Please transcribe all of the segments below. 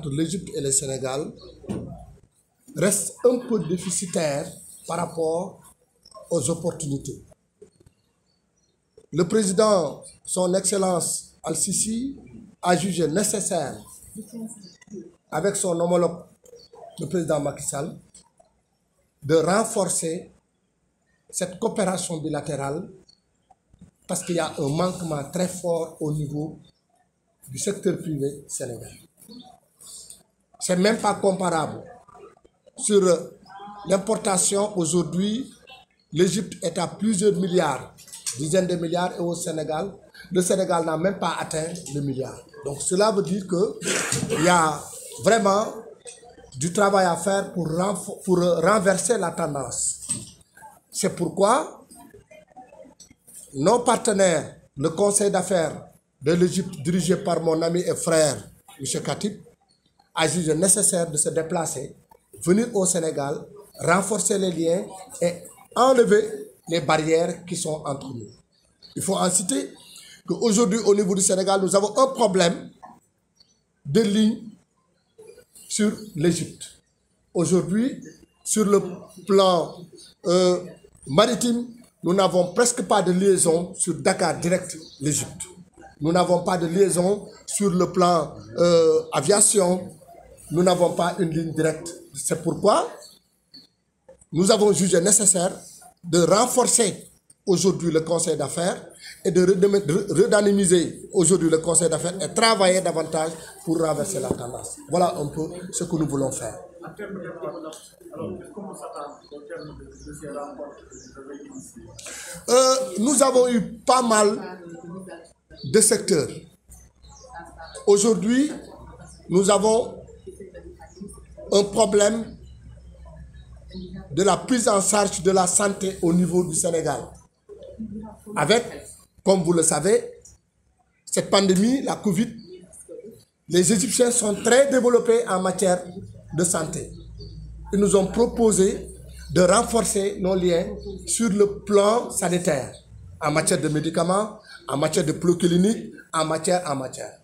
entre l'Égypte et le Sénégal reste un peu déficitaire par rapport aux opportunités. Le président, son Excellence Al-Sisi, a jugé nécessaire, avec son homologue, le président Macky Sall, de renforcer cette coopération bilatérale parce qu'il y a un manquement très fort au niveau du secteur privé sénégalais. C'est même pas comparable. Sur euh, l'importation, aujourd'hui, l'Égypte est à plusieurs milliards, dizaines de milliards, et au Sénégal, le Sénégal n'a même pas atteint le milliard. Donc cela veut dire qu'il y a vraiment du travail à faire pour, pour euh, renverser la tendance. C'est pourquoi nos partenaires, le conseil d'affaires de l'Égypte dirigé par mon ami et frère, M. Khatib, a jugé nécessaire de se déplacer, venir au Sénégal, renforcer les liens et enlever les barrières qui sont entre nous. Il faut en citer qu'aujourd'hui, au niveau du Sénégal, nous avons un problème de ligne sur l'Égypte. Aujourd'hui, sur le plan euh, maritime, nous n'avons presque pas de liaison sur Dakar direct l'Égypte. Nous n'avons pas de liaison sur le plan euh, aviation, nous n'avons pas une ligne directe. C'est pourquoi nous avons jugé nécessaire de renforcer aujourd'hui le conseil d'affaires et de redynamiser aujourd'hui le conseil d'affaires et travailler davantage pour renverser la tendance. Voilà un peu ce que nous voulons faire. Euh, nous avons eu pas mal de secteurs. Aujourd'hui, nous avons un problème de la prise en charge de la santé au niveau du Sénégal. Avec, comme vous le savez, cette pandémie, la Covid, les Égyptiens sont très développés en matière de santé. Ils nous ont proposé de renforcer nos liens sur le plan sanitaire, en matière de médicaments, en matière de plans cliniques, en matière, en matière.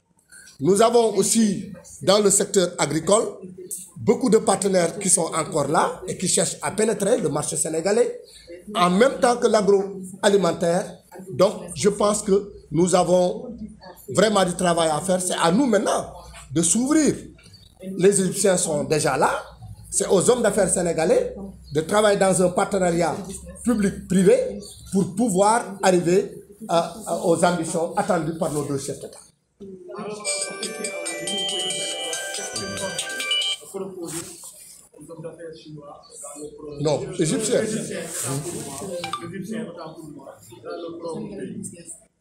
Nous avons aussi, dans le secteur agricole, beaucoup de partenaires qui sont encore là et qui cherchent à pénétrer le marché sénégalais en même temps que l'agroalimentaire. Donc, je pense que nous avons vraiment du travail à faire. C'est à nous maintenant de s'ouvrir. Les Égyptiens sont déjà là. C'est aux hommes d'affaires sénégalais de travailler dans un partenariat public-privé pour pouvoir arriver à, euh, à, euh, aux ambitions attendues par nos deux chefs d'État. alors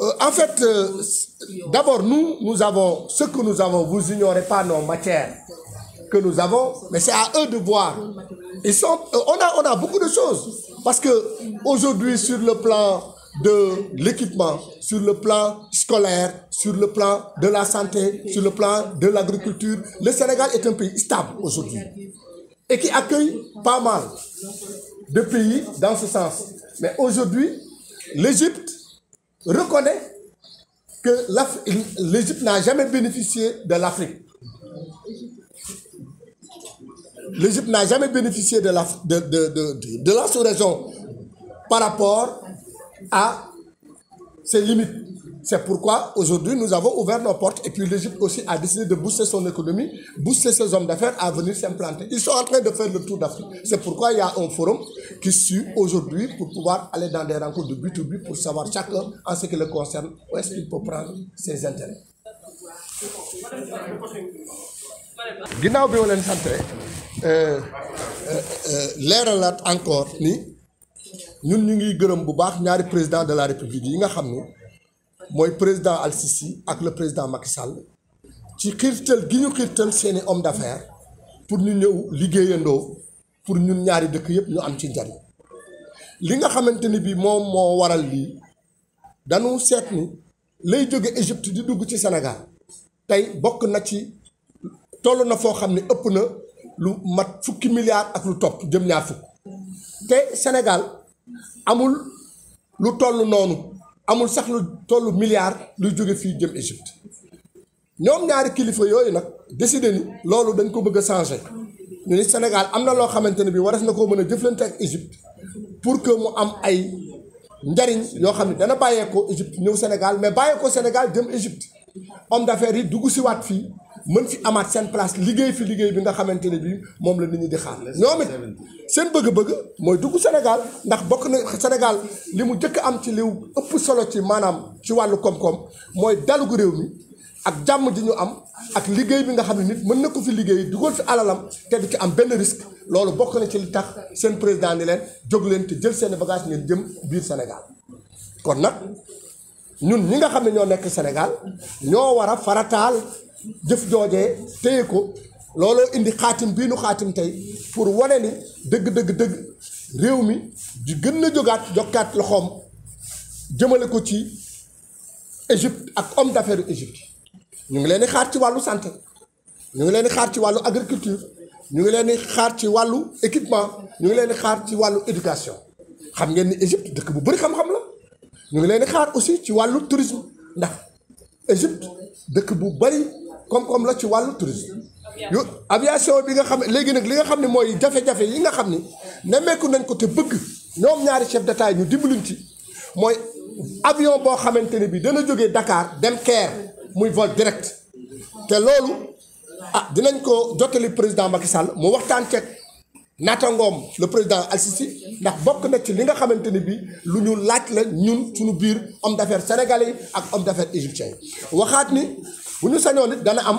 euh, en fait, euh, d'abord, nous, nous avons ce que nous avons. Vous ignorez pas nos matières que nous avons, mais c'est à eux de voir. Ils sont, euh, on a beaucoup de choses. Parce que aujourd'hui, sur le plan de l'équipement sur le plan scolaire, sur le plan de la santé, sur le plan de l'agriculture. Le Sénégal est un pays stable aujourd'hui et qui accueille pas mal de pays dans ce sens. Mais aujourd'hui, l'Égypte reconnaît que l'Égypte n'a jamais bénéficié de l'Afrique. L'Égypte n'a jamais bénéficié de la, de, de, de, de la sous par rapport a ses limites. C'est pourquoi aujourd'hui nous avons ouvert nos portes et l'Égypte aussi à décidé de booster son économie, booster ses hommes d'affaires à venir s'implanter. Ils sont en train de faire le tour d'Afrique. C'est pourquoi il a un forum qui suit aujourd'hui pour pouvoir aller dans des rencontres de B2B pour savoir chacun en ce qui le concerne où est-ce qu'il peut prendre ses intérêts. ginnaaw bi ma euh, euh, euh, encore ni ñun ñu ngi gërëm bu baax ñaari président de la république yi nga xam ne mooy président Al Sisi ak le président Macky Sall ci xiirtal gi ñu xiirtal seeni homme d'affaires pour ñu ñëw liggéeyandoo pour ñun ñaari dëkk yëpp ñu am ci njariñ li nga xamante ni bi moom moo waral lii dañu seet ni lay jóge Égypte di dugg ci senegal tey bokk na ci toll na foo xam ne ëpp na lu mat fukki milliards ak lu topp jëm ñaar fukk te Sénégal amul lu toll noonu amul sax lu toll milliard luy jóge fii jëm Égypte ñoom ñaari kilifa yooyu nag décidé ni loolu dañ ko bëgg a changer ni Sénégal am na loo xamante ne bii waras na koo mën a jëflante ak Égypte pour que mu am ay njariñ yoo xam ne dana bàyyeekoo Égypte ñëw Sénégal mais bàyyeekoo Sénégal jëm Égypte homme d'affaires yi dugg si waat fii. mën fi amaat seen place liggéey fi liggéey bi nga xamante ne bii moom la nit ñi di xaar ñoom it seen bëgg-bëgg mooy dugg Sénégal ndax bokk na Sénégal li mu jëkk am ci liw ëpp solo ci maanaam ci wàllu koom mooy dalugu réew mi ak jàmm ji ñu am ak liggéey bi nga xam ne nit mën na ko fi liggéey dugal fi alalam te du ci am benn risque loolu bokk na ci li seen président ni leen jóg leen te jël seeni bagage ngeen jëm biir Sénégal kon nag ñi nga xam ne ñoo nekk Sénégal ñoo war a farataal jëf joojee téye ko looloo indi xaatim bii nu xaatim tey pour wane ni dëgg dëgg dëgg réew mi ji gën na jógaat jokkaat loxoom jëmale ko ci Égypte ak homme d'affaires yu Égypte ñu ngi leen di xaar ci wàllu santé ñu ngi leen di xaar ci wàllu agriculture ñu ngi leen di xaar ci wàllu équipement ñu ngi leen di xaar ci wàllu éducation xam ngeen ni Égypte dëkk bu bëri xam-xam la ñu ngi leen di xaar aussi ci wàllu tourisme ndax Égypte dëkk bu bari comme koom la ci wàllu tourisme yo aviation bi nga xam ne léegi nag li nga xam ne mooy jafe-jafe yi nga xam ni nemmeeku nañ ko te bëgg ñoom ñaari chef d'état ñu dimbaluñ ci mooy avion boo xamante ne bi dana jógee dakaar dem Caire muy vol direct te loolu ah dinañ ko jottali président Macky Sall mu waxtaan ceeg naatangoom le président Al Sisi ndax bokk na ci li nga xamante ne bi lu ñu laaj la ñun suñu biir homme daffaire sénégalais yi ak homme d'affaires égyptien bu ñu sañoon it dana am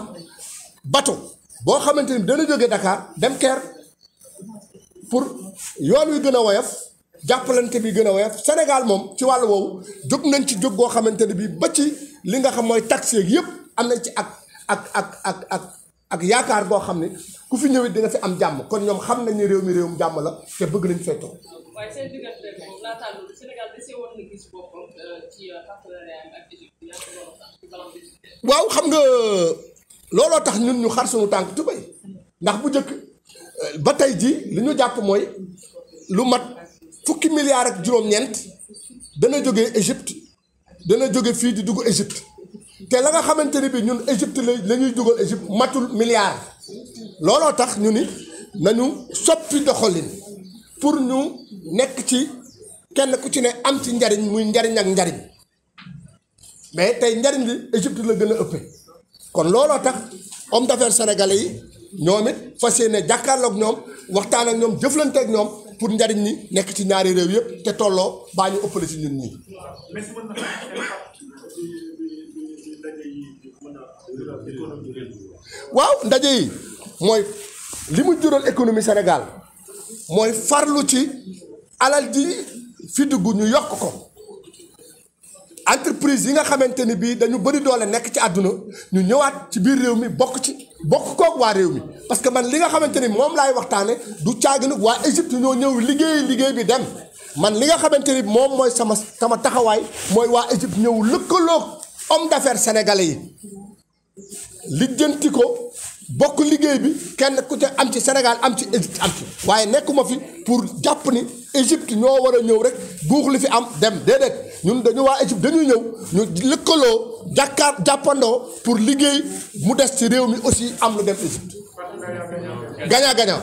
bateau boo xamante ni dana jóge dakaar dem Caire pour yoon wi gën a woyof jàppalante bi gën a woyof Sénégal moom ci wàll woowu jóg nañ ci jóg boo xamante ne bii ba ci li nga xam mooy tax yeeg yëpp am nañ ci ak ak ak ak ak ak yaakaar goo xam ne ku fi ñëwee dina fi am jàmm kon ñoom xam nañ ne réew mi réewum jàmm la te bëgg nañ fee toog. na gis boppam euh, ci euh, partenariat waaw xam nga looloo tax ñun ñu xar suñu tànk tubéy ndax bu njëkk euh, ba tey jii li ñu jàpp mooy lu mat fukki milliards ak juróom-ñeent dana jóge Égypte dana jóge fii di dugg Égypte. te la nga xamante ni bi ñun Égypte la ñuy dugal Égypte matul milliard looloo tax ñu ni nañu soppi doxalin pour ñu nekk ci kenn ku ci ne am ci njariñ muy njariñ ak njariñ mais tey njariñ li Égypte la gën a ëpp kon looloo tax homme d'affaires sénégalais yi ñoom it fas yéene jàkkaarlook ñoom waxtaan ak ñoom jëflante ak ñoom pour njariñ ni nekk ci ñaari réew yëpp te tolloo baa ñu ëppale ci ñun ñi waaw ndaje yi mooy li mu jural économie Sénégal mooy farlu ci alal ji fi ñu yokk ko entreprise yi nga xamante ni bii dañu bëri doole nekk ci àdduna ñu ñëwaat ci biir réew mi bokk ci bokk koog waa réew mi parce que man li nga xamante ni moom laay waxtaane du caagi nag waa Égypte ñoo ñëw liggéey liggéey bi dem man li nga xamante ni moom mooy sama sama taxawaay mooy waa Égypte ñëw lëkkaloog homme d'affaires sénégalais yi lijjanti ko bokk liggéey bi kenn ku ca am ci Sénégal am ci Égypte am ci waaye nekkuma fi pour jàpp ni Égypte ñoo war a ñëw rek buux li fi am dem déedéet ñun dañu waa Égypte dañuy ñëw ñu lëkkaloo jàkkaar jàppandoo pour liggéey mu des ci réew mi aussi am lu dem Égypte gagnant gagnant